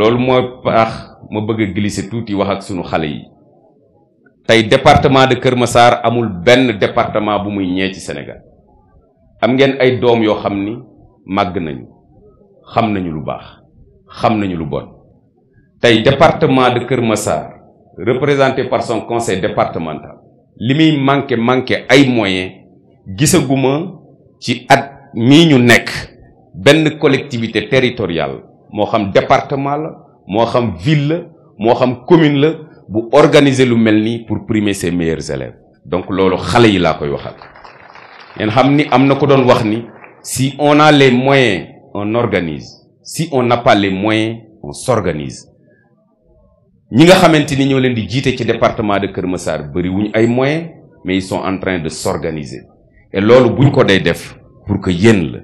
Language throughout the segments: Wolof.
loolu moo tax ma bëgg a glisser tuuti wax ak sunu xale yi tey département de Kër Massar amul benn département bu muy ñee ci Sénégal am ngeen ay doom yoo xam ni màgg nañu xam nañu lu baax xam nañu lu bon tey département de Kër Massar représenté par son conseil départemental li muy manqué manqué ay moyen gisaguma ci at mii ñu nekk benn collectivité territoriale moo xam département la moo xam ville la xam commune la bu organiser lu mel pour primer ses meilleurs élèves donc loolu xale yi laa koy waxal ngeen xam ni am ko doon wax ni si on a les moyens on organise si on n'a pas les moyens on s'organise ñi nga xamante ni ñoo leen di jiite ci département de Kër Massar bëri wuñ ay moyens mais ils sont en train de s'organiser et loolu buñ ko day def pour que yéen la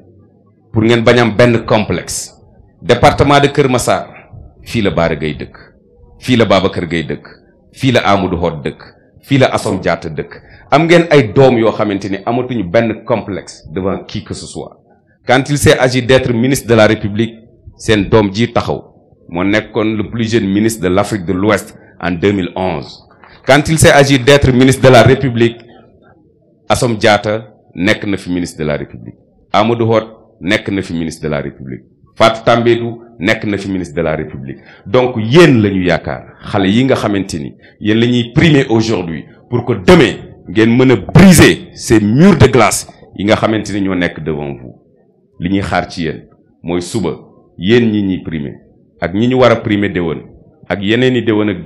pour ngeen bañ am complexe département de Kër Massar fii la bar Gueye fi fii la Babacar Gueye deuk fi la Amadou Hott deuk fi la Assom Diat deuk am ngeen ay dom yo amatuñu complexe devant qui que ce soit quand il s'est agi d'être ministre de la République sen dom ji taxaw mo nekkoon le plus jeune ministre de l'Afrique de l'Ouest en 2011 quand il s'est agi d'être ministre de la République Assom Diat nekk na fi ministre de la République Amadou Hott nekk na fi ministre de la République Fatou Tambedou nek na fi ministre de la République donc yéen lañu ñu yaakaar xale yi nga xamanteni ni lañuy primer aujourd'hui pour que demain ngeen mën briser ces murs de glace yi nga xamanteni ni ñoo devant vous li xaar ci yéen moy suba wara ñi ñi primer ak ñi ñu war a primer déwén ak yeneeni dewon ak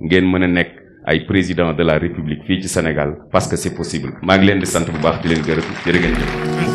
ngeen a ay président de la République fii ci Sénégal parce que c'est possible maa ngi leen di sant bu baax di leen gërëm